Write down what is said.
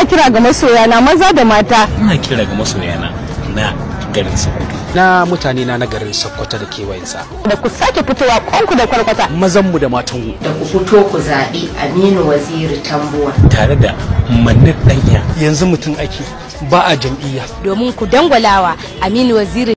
ina kira ga masoya masoyana maza da mata ina kira ga masoyana na garin sokoto na mutane na garin sokoto da kewayensa da ku sake fitowa kwanku da kwarkwata mazanmu da mu da ku fito ku zabi aminu waziri tambuwa tare da mannin Danya yanzu mutum ake ba a jam'iyya domin ku dangwalawa aminu waziri